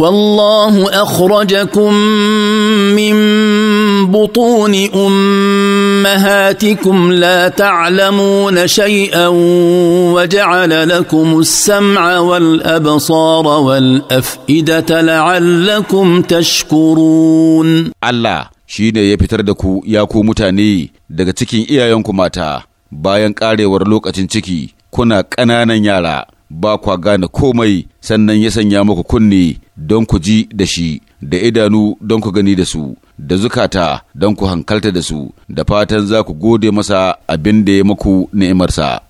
والله اخرجكم من بطون امهاتكم لا تعلمون شيئا وجعل لكم السمع والابصار والافئده لعلكم تشكرون الله shine ya fitar da ku ya ku mutane daga cikin iyayenku mata bayan karewar lokacin ciki kuna ƙananan yara ba kwa gane komai sannan ya sanya muku kunne don ku ji da shi da idanu don ku gani da su da zukata don ku hankalta da su da fatan za ku gode masa abin da ya muku ni'imarsa.